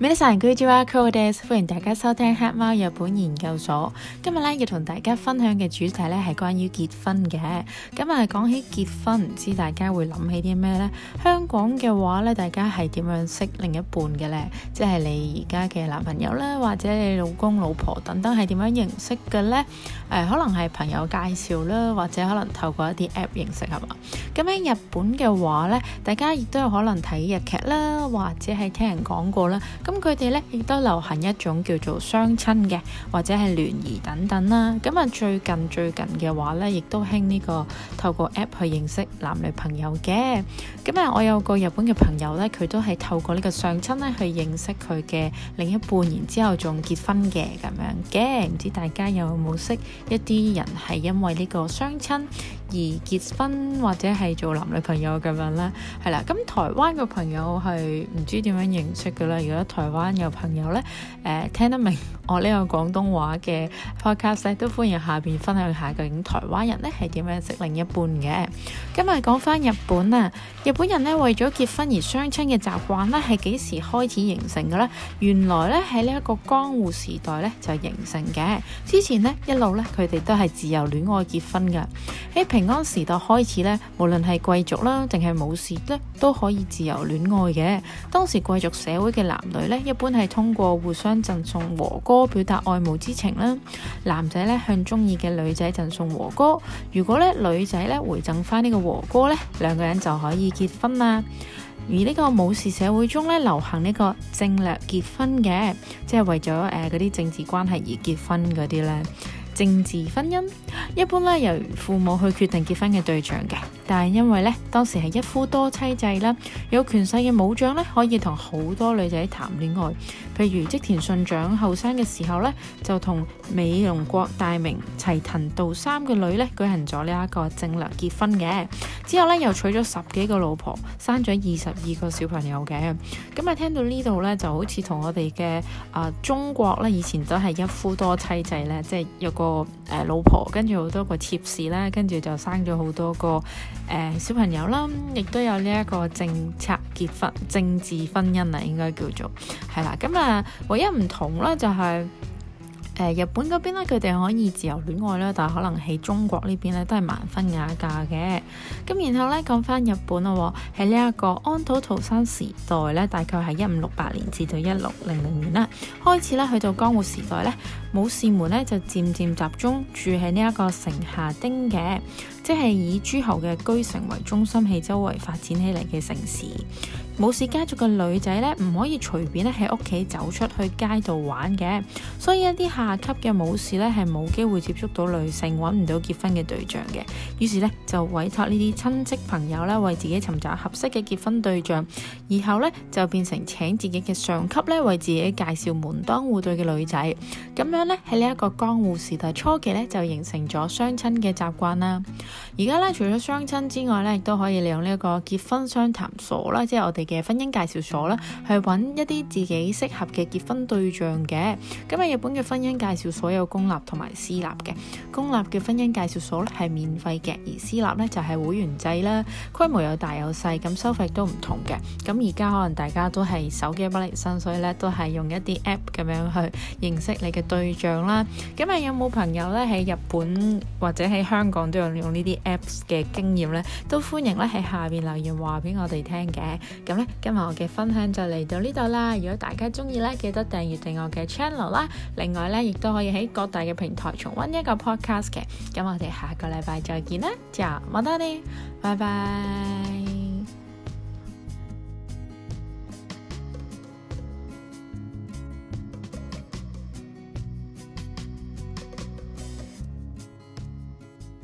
晚上好啊，大家，歡迎大家收聽黑貓日本研究所。今日咧，要同大家分享嘅主題咧，係關於結婚嘅。咁啊，講起結婚，唔知大家會諗起啲咩呢？香港嘅話咧，大家係點樣識另一半嘅呢？即係你而家嘅男朋友咧，或者你老公老婆等等係點樣認識嘅呢？誒、呃，可能係朋友介紹啦，或者可能透過一啲 App 認識係嘛？咁喺日本嘅話呢，大家亦都有可能睇日劇啦，或者係聽人講過啦。咁佢哋呢亦都流行一種叫做相親嘅，或者係聯誼等等啦。咁啊最近最近嘅話呢，亦都興呢個透過 APP 去認識男女朋友嘅。咁啊，我有個日本嘅朋友呢，佢都係透過呢個相親呢去認識佢嘅另一半，然之後仲結婚嘅咁樣嘅。唔知大家有冇識一啲人係因為呢個相親，而結婚或者係做男女朋友咁樣咧，係啦。咁台灣嘅朋友係唔知點樣認識㗎啦。如果台灣有朋友咧，誒、呃、聽得明。我呢個廣東話嘅 Podcast 咧，都歡迎下邊分享下，究竟台灣人咧，係點樣識另一半嘅。今日講返日本啊，日本人咧為咗結婚而相親嘅習慣咧係幾時開始形成嘅咧？原來咧喺呢一個江戶時代咧就形成嘅。之前咧一路咧佢哋都係自由戀愛結婚嘅。喺平安時代開始咧，無論係貴族啦定係武士咧，都可以自由戀愛嘅。當時貴族社會嘅男女咧一般係通過互相贈送和歌。歌表達愛慕之情啦，男仔咧向中意嘅女仔贈送和歌，如果咧女仔咧回贈翻呢個和歌咧，兩個人就可以結婚啦。而呢個武士社會中咧流行呢個政略結婚嘅，即係為咗誒嗰啲政治關係而結婚嗰啲咧。政治婚姻一般咧由父母去決定結婚嘅對象嘅，但係因為咧當時係一夫多妻制啦，有權勢嘅武將咧可以同好多女仔談戀愛，譬如織田信長後生嘅時候咧就同美濃國大名齊藤道三嘅女咧舉行咗呢一個政略結婚嘅。之後咧，又娶咗十幾個老婆，生咗二十二個小朋友嘅。咁、嗯、啊，聽到呢度呢，就好似同我哋嘅啊中國呢，以前都係一夫多妻制呢，即、就、係、是、有個誒、呃、老婆，跟住好多個妾侍啦，跟住就生咗好多個誒、呃、小朋友啦，亦都有呢一個政策結婚政治婚姻啦、啊，應該叫做係啦。咁啊、嗯，唯一唔同呢就係、是。呃、日本嗰邊咧，佢哋可以自由戀愛啦，但係可能喺中國呢邊咧都係盲婚啞嫁嘅。咁然後呢，講返日本啦，喺呢一個安土桃山時代呢，大概係一五六八年至到一六零零年啦，開始咧去到江戶時代呢，武士們呢，就漸漸集中住喺呢一個城下町嘅。即係以諸侯嘅居城為中心，喺周圍發展起嚟嘅城市。武士家族嘅女仔呢，唔可以隨便咧喺屋企走出去街度玩嘅，所以一啲下級嘅武士呢，係冇機會接觸到女性，揾唔到結婚嘅對象嘅。於是呢，就委託呢啲親戚朋友呢，為自己尋找合適嘅結婚對象，然後呢，就變成請自己嘅上級呢，為自己介紹門當戶對嘅女仔，咁樣呢，喺呢一個江戶時代初期呢，就形成咗相親嘅習慣啦。而家咧，除咗相親之外咧，亦都可以利用呢一個結婚相談所啦，即係我哋嘅婚姻介紹所啦，去揾一啲自己適合嘅結婚對象嘅。咁喺日本嘅婚姻介紹所有公立同埋私立嘅，公立嘅婚姻介紹所咧係免費嘅，而私立咧就係會員制啦，規模有大有細，咁收費都唔同嘅。咁而家可能大家都係手機不離身，所以咧都係用一啲 app 咁樣去認識你嘅對象啦。咁啊有冇朋友咧喺日本或者喺香港都有用呢？啲 Apps 嘅經驗咧，都歡迎咧喺下邊留言話畀我哋聽嘅。咁咧，今日我嘅分享就嚟到呢度啦。如果大家中意咧，記得訂閱定我嘅 channel 啦。另外咧，亦都可以喺各大嘅平台重溫一個 podcast 嘅。咁我哋下個禮拜再見啦。就咁多啦，拜拜。